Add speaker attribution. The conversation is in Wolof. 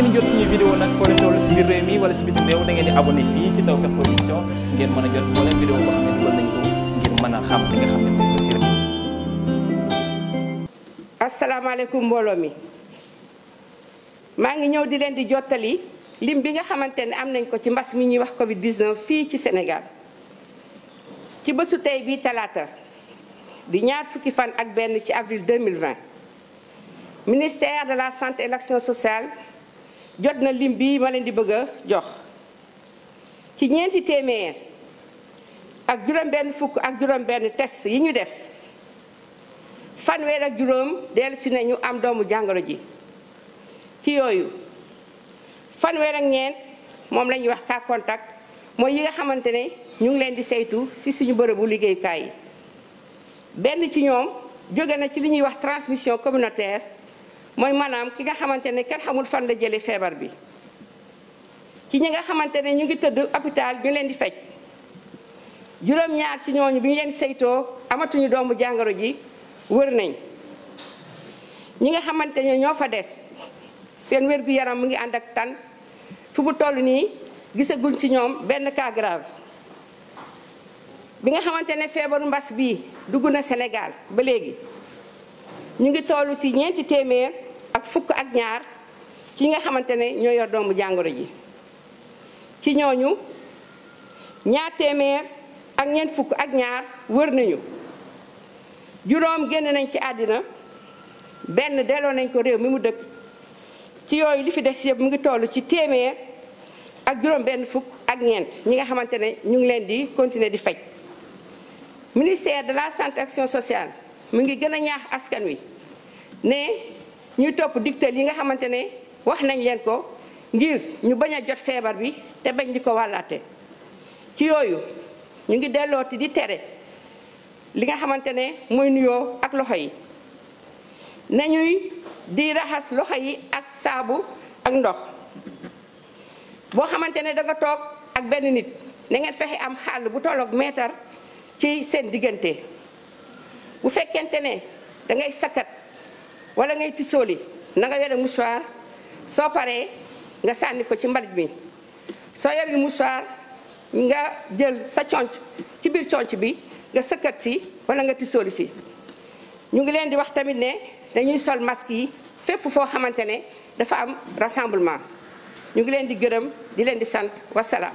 Speaker 1: ngeen jot suñu vidéo nag foo leen toll mbooloo mi maa ngi ñëw di leen di jottali lim bi nga xamante ni am nañ ko ci mbas mi ñuy wax Covid fii ci Sénégal ci bësu tey bii talaata di ñaar fukki fan ak benn ci avril 2020 ministère de la santé et l'action sociale. jot na lim bii ma leen di bëgg a jox ci ñeenti téeméer ak juróom-benn fukk ak juróom-benn test yi ñu def fanweer ak juróom dellusi nañu am doomu jàngoro ji ci yooyu fanweer ak ñeent moom lañuy wax cas contact mooy yi nga xamante ne ñu ngi leen di saytu ci suñu bërëbu liggéeyukaay yi benn ci ñoom jóge na ci li ñuy wax transmission communautaire. mooy maanaam ki nga xamante ne kenn xamul fan la jëlee feebar bi ki ñi nga xamante ne ñu ngi tëdd hôpital ñu leen di faj juróom-ñaar ci ñooñu bi ñu leen saytoo amatuñu doomu jàngoro ji wër nañ ñi nga xamante ne ñoo fa des seen wér-gu-yaram mu ngi ànd ak tan fi mu toll nii gisaguñ ci ñoom benn cas bi nga xamante ne feebaru mbas bii dugg na senegaal ba léegi ñu ngi toll ci ñeenti téeméer ak fukk ak ñaar ci nga xamante ne ñoo yor doomu jàngoro ji ci ñooñu ñaar téeméer ak ñeent fukk ak ñaar wër nañu juróom génn nañ ci àddina benn delloo nañ ko réew mi mu dëkk ci yooyu li fi des yëpp mu ngi toll ci téeméer ak juróom benn fukk ak ñeent ñi nga xamante ne ñu ngi leen di continuer di faj ministère de la santé action sociale mu ngi gën a ñaax askan wi ne ñuy topp digtal yi nga xamante ne wax nañ leen ko ngir ñu bañ a jot feebar bi te bañ di ko wàllaate ci yooyu ñu ngi dellooti di tere li nga xamante ne mooy nuyoo ak loxo yi nañuy di raxas loxo yi ak saabu ak ndox boo xamante ne danga toog ak benn nit na ngeen fexe am xàll bu tolloog meetar ci seen diggante bu fekkente ne da sakkat wala ngay tisooli na nga yore mouchoir soo paree nga sànni ko ci mbalit bi soo yoril mouchoir nga jël sa conc ci biir conc bi nga sëkkat si wala nga tisooli si ñu ngi leen di wax tamit ne dañuy sol masque yi fépp foo xamante ne dafa am rassemblement ñu ngi leen di gërëm di leen di sant wasalaam